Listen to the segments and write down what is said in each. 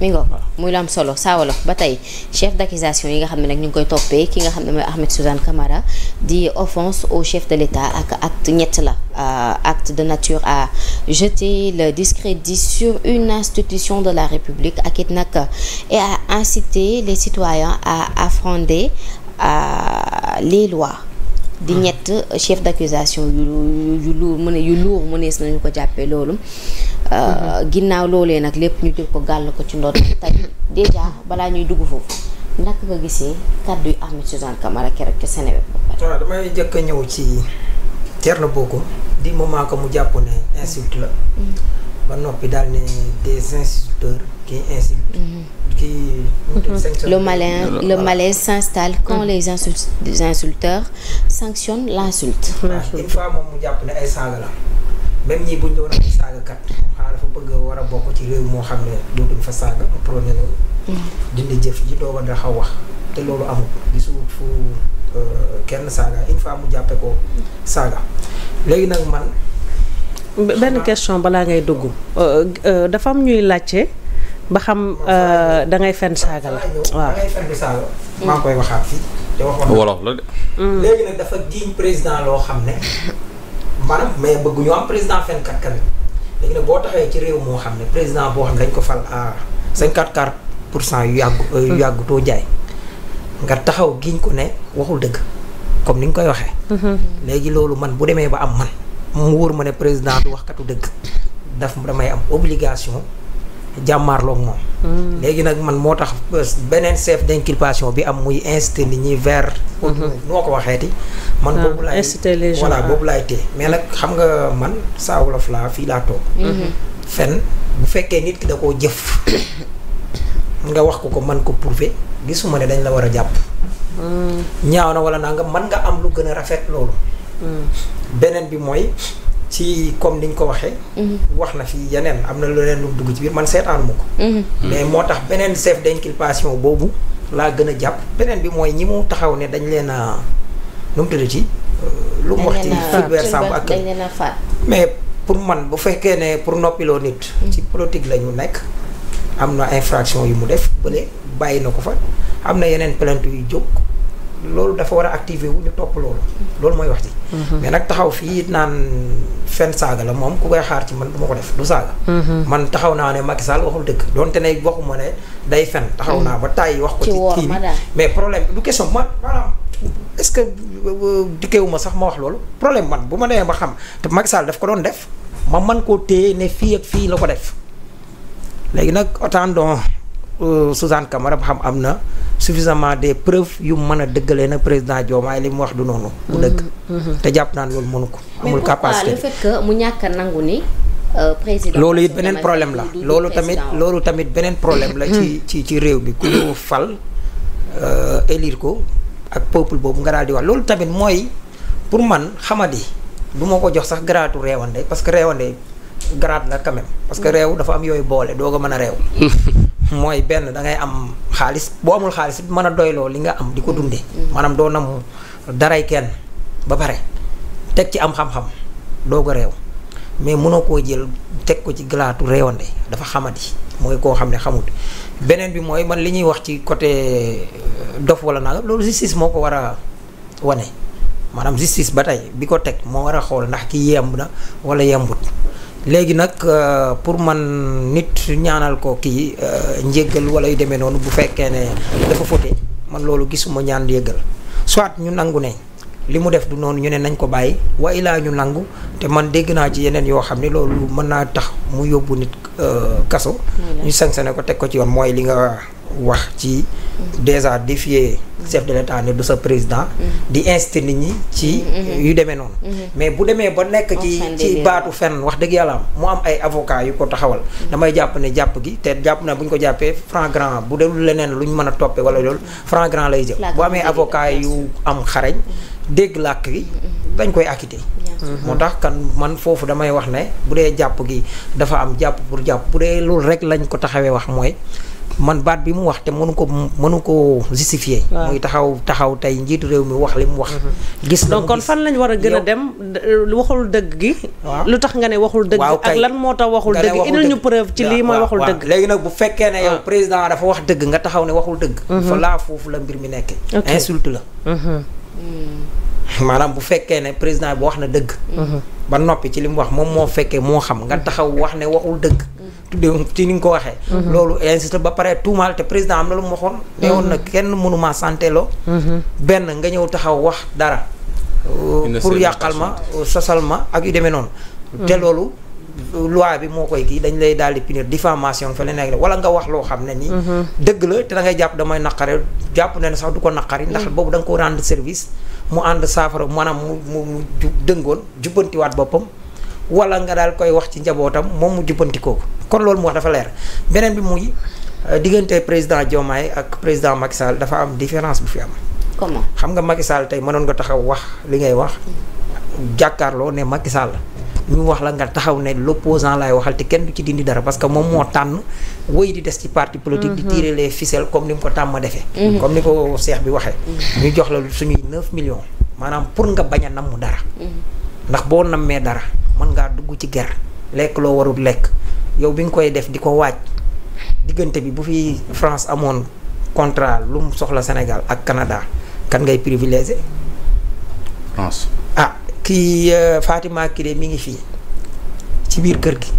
mi ngo muy lu am solo saawalof ba tey chef d'accusation yi nga xam ne nag ñu ngi koy toppee ki nga xam ne mooy Ahmed Suzanne Camara di offense au chef de l'État ak acte ñett la acte de nature à jeter le discrédit sur une institution de la République ak it nag et à inciter les citoyens à affronter les lois di ñett chef d'accusation yu yu yu lourd mëne yu lourd mënees ñu ko jàppee loolu Euh, ginnaaw loolee nag lépp ñu jël ko gàll ko ci ndodd tey déjà balaa ñuy dugg foofu naka nga gisee kàddu yu Ahmed Suzanne Camara keroog ca Seneweb ba waaw ah, damay jëkk a ñëw ci Thierno Bocoum di moment que mu jàpp ne insulte la mm-hmm. noppi daal ne des mm-hmm. mm-hmm. malin le malaise s'installe quand les insultes les insulteurs l'insulte une ah, moom mu jàpp ne ay saaga la même ñii buñ doon ay saaga kat xanaa dafa bëgg war a bokk ci réew moo xam ne dootuñ fa saaga mu prôné loolu dindi mm. jëf ji doog a daxa wax te loolu amul gisu fu euh, kenn saaga une fois mu jàppe ko saaga léegi nag man benn question balaa ngay dugg euh, euh, dafa am ñuy laajte ba xam da ngay fen saaga la waaw mm. maa ngi koy waxaat fii te waxoon wolof la de mm. xam ne maanaam mais bëgguñu am président fenkat tamit léegi nag boo taxawee ci réew moo xam ne président boo xam ne dañ ko fal à 54 pour cent yu yàggu euh, yu hmm. jaay nga taxaw giñ ko ne waxul dëgg comme ni nga koy waxee. Hmm. léegi loolu man bu demee ba am man mu wóor ma ne président du waxkatu dëgg daf damay am obligation. jàmmaarloog moom. Hmm. léegi nag man moo tax beneen chef d'inculpation bi am muy inciter nit ñi vers. Hmm. noo ko waxeeti. man ah, boobu laay inciter les gens voilà mais nag xam nga man saa wolof laa fii laa toog. Hmm. fen bu fekkee nit ki da koo jëf nga wax ko ko mën ko prouver gisuma ne dañ la war a jàpp. ñaaw na wala naa nga mën nga am lu gën a rafet loolu. beneen bi mooy. ci comme ni niñ ko waxee. Mhm. wax na fii yeneen am na leneen lu mu dugg ci biir man seetaanu ma ko. Mhm. mais moo tax beneen chef d'inculpation boobu laa gën a jàpp beneen bi mooy ñi mu taxaw ne dañ leen a nu mu euh, lu mu wax ci Fulbert Sambou ak mais pour man bu fekkee ne pour noppiloo nit. Mhm. ci politique lañu nekk am na infraction yu mu def bële bàyyi na ko fa am na yeneen plainte yu jóg. loolu dafa war a activé wu ñu topp loolu loolu mooy wax ji mhm. mais nag taxaw fii naan fen saaga la moom ku koy xaar ci man du ma ko def du saaga mhm. man taxaw naa ne Macky Sall waxul dëgg donte ne waxuma ne day fen taxaw naa ba tàyyi wax ko ci kii mais problème du question ma maanaam est-ce que euh, dikkeewuma sax ma wax loolu problème man bu ma nee ma xam te Macky Sall daf ko doon def ma man koo téye ne fii ak fii la ko def léegi nag autant donc Euh, Suzanne Camara ba xam am na suffisamment des preuves yu mën a dëggalee nag président Diomaye li mu wax du noonu. bu mhm, dëgg. Mhm. te jàpp naan loolu mënu ko. amul capacité mais mu ñàkk a nangu ni. Euh, loolu it beneen problème la loolu tamit loolu tamit beneen problème la. ci ci ci réew bi ku ñu fal euh, élire ko ak peuple boobu nga daal di wax loolu tamit mooy pour man xamadi du ma ko jox sax garaatu réewande parce que réewande garaat la quand même. parce que mm. réew dafa am yooyu boole doo ko mën a réew. mooy benn da ngay am xaalis boo amul xaalis mën a doyloo li nga am di ko dundee. Mm-hmm. maanaam doo namu daray kenn ba pare teg ci am xam-xam doo ko réew mais mënoo koo jël teg ko ci galaatu réewande dafa xamadi mooy koo xam ne xamut beneen bi mooy man li ñuy wax ci côté euh, dof wala naaga loolu justice moo ko war a wane maanaam justice ba tey bi ko teg moo war a xool ndax ki yemb na wala yembut. léegi nag euh, pour man nit ñaanal ko kii euh, njéggal wala yu demee noonu bu fekkee ne dafa fote man loolu gisuma ñaan yëggal soit ñu nangu ne li mu def du noonu ñu ne nañ ko bàyyi wa ilaa ñu nangu te man dégg naa ci yeneen yoo xam ne loolu mën naa tax mu yóbbu nit euh, kaso ñu sanctionné ko teg ko ci yoon mooy li nga wax ci mm. déjà défier chef de l'état ne du sa président mm-hmm. di inciter nit ñi ci mm-hmm. yu demee noonu mm-hmm. mais bu demee ba nekk ci ci baatu fen wax dëgg yàlla mu am ay avocat yu ko taxawal damay jàpp ne jàpp gi te jàpp na bu ñu ko jàppee franc bu delul leneen lu ñu mën a toppee wala loolu franc grand lay jël amee avocat yu am xarañ dégg làkk yi dañ koy acquitté moo tax kan man foofu damay wax ne bu dee jàpp gi dafa am jàpp pour jàpp bu dee loolu rek lañ ko taxawee wax mooy man baat bi mu wax te mënu ko mënu ko justifier muy taxaw taxaw tey njiitu réew mi wax li mu wax mhm. gis na donc kon la lañ war a gën a dem waxul dëgg gi lu tax nga ne waxul dëgg lan moo tax waxul ñu preuve ci lii mooy waxul dëgg léegi nag bu fekkee ne président dafa wax dëgg nga taxaw ne waxul dëgg mhm. fa foofu la mbir mi nekk insulte la mhm. maanaam bu fekkee ne président bi wax na dëgg ba noppi ci li mu wax moom moo fekkee moo xam nga taxaw wax ne waxul dëgg tuddee ci ni nga ko waxee. Mhm. loolu insiste ba pare tuumaal te président am na lu mu waxoon. Mhm. ne woon na kenn mënuma santé loo. Mhm. benn nga ñëw taxaw wax dara. Euh, pour yàqal ma euh, sosal ma ak yu demee noonu. te loolu euh, loi bi moo koy gii dañ lay daal di punir diffamation fa la nekk wala nga wax loo xam ne nii. dëgg la te da ngay jàpp damay naqare jàpp ne sax du ko naqari. ndax boobu danga nga ko rendre service. mu ànd saafara maanaam mu mu mu dëngoon jubbantiwaat boppam wala nga daal koy wax ci njabootam moom mu jubbantikoo kon loolu moo dafa leer beneen bi muy euh, diggante président jomaay ak président Macky Sall dafa am différence bu fi am. comment xam nga Macky Sall tey manoon nga taxaw wax li ngay wax jàkkaarloo ne Macky la ñu wax la nga taxaw ne l'opposant laay waxal te kenn du ci dindi dara parce que moom moo tànn wéy di des ci parti politique di mm-hmm. tirer les ficelles comme ni mu ko tàmma defee mm-hmm. comme ni ko seex bi waxee mm-hmm. ñu jox la suñuy 9 millions maanaam pour nga bañ a namm dara ndax boo nammee dara mën ngaa dugg ci ger lekk loo warul lekk yow bi nga koy def di ko waaj diggante bi bu fi France amoon contrat lu mu soxla Sénégal ak Canada kan ngay privilégié. France ah kii euh, Fatima Kiré mi ngi fii ci biir kër gi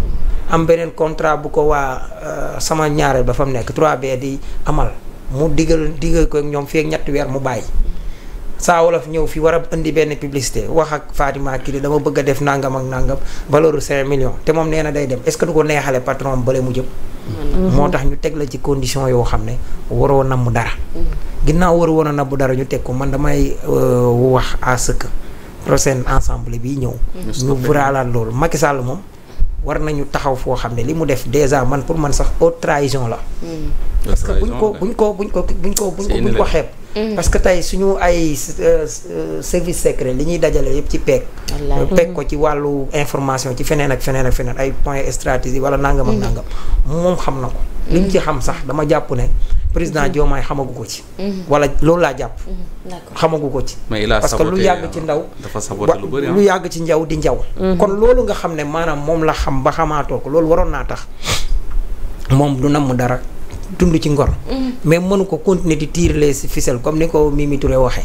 am beneen contrat bu ko waa euh, sama ñaareel ba fa mu nekk 3 bais di amal mu digal digal ko ñoom fii ak ñetti weer mu bàyyi. saa wolof ñëw fi war a indi benn publicité wax ak Fatima Kili dama bëgg def nangam ak nangam valeur bu 5 millions te moom nee na day dem est du ko neexale patron am mu jëm. moo tax ñu teg la ci condition yoo xam ne waroo namm dara. Mm-hmm. ginnaaw war woon a namm dara ñu teg ko man damay euh, wax à ce que prochaine ensemble bi ñëw. Mm-hmm. ñu buraalaat loolu Macky Sall moom. war nañu taxaw foo xam ne li mu def déjà man pour man sax haute trahison la. Mm-hmm. parce que buñ ko bu ko buñ ko Mm-hmm. parce que tey suñu ay euh, service secret li ñuy dajale yëpp ci peeg peeg ko ci wàllu information ci feneen ak feneen ak feneen ay point stratégie wala nàngam ak mm-hmm. nangam moom xam na ko li ñu ci xam sax dama jàpp ne président mm-hmm. Diomaye xamagu ko ci wala loolu laa jàpp xamagu ko ci parce que lu yàgg ci euh, ndaw lu yàgg ci njaw di njaw kon loolu nga xam ne maanaam moom la xam ba xamaatoo ko loolu waroon naa tax moom du namm dara dund ci ngor. Mm. mais mënu ko continuer di tirer les ficelles comme ni ko Mimi Touré waxee.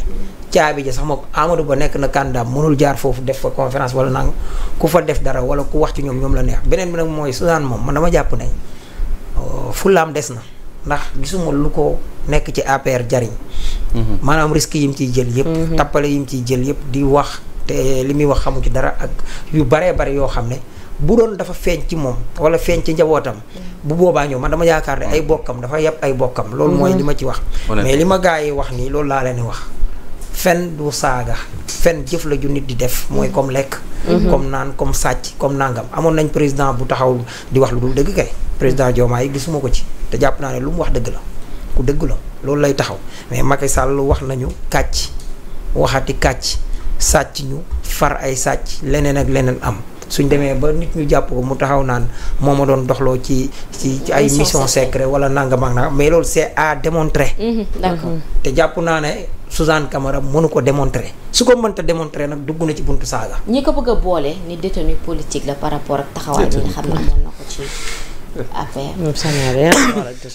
caabi ja sax moom Amadou Ba nekk na candidat mënul jaar foofu def fa conférence wala nang ku fa def dara wala ku wax ci ñoom ñoom la neex beneen bi nag mooy Suzanne moom man dama jàpp ne euh, fulaam des na ndax gisuma lu ko nekk ci APR jariñ. Mm-hmm. maanaam risque yi mu ciy jël yëpp. Mm-hmm. tappale yi mu ciy jël yëpp di wax te li muy wax xamu ci dara ak yu baree bari yoo xam ne. bu doon dafa feeñ ci moom wala feeñ ci njawootam bu boobaa ñëw man dama yaakaar ne ay bokkam dafa yàpp ay bokkam loolu mooy mhm. li ma ci wax mais li ma gaa yi wax nii loolu laa leen wax fen du saaga fen la ju nit di def mooy mhm. comme lekk mhm. comme naan comme sàcc comme nangam amoon nañ président taxaw di wax lu dul dëgg kay président Diomaye gisuma ko ci te naa ne lu mu wax dëgg la ku dëgg la loolu lay taxaw mais Macky Sall wax nañu kàcc waxati kàcc sàcc ñu far ay sàcc leneen ak leneen am suñ demee ba nit ñu jàpp ko mu taxaw naan moo ma doon doxloo ci ci ci ay mission secret wala nangam ak nangam mais loolu c'est à démontrer mhm, te jàpp naa ne Suzanne Camara mënu ko démontrer su ko mënta démontrer nag dugg na ci buntu saaga ñi ko bëgg a boole ni détenu politique la par rapport ak taxawaay bi nga xam ne amoon na ko ci affaire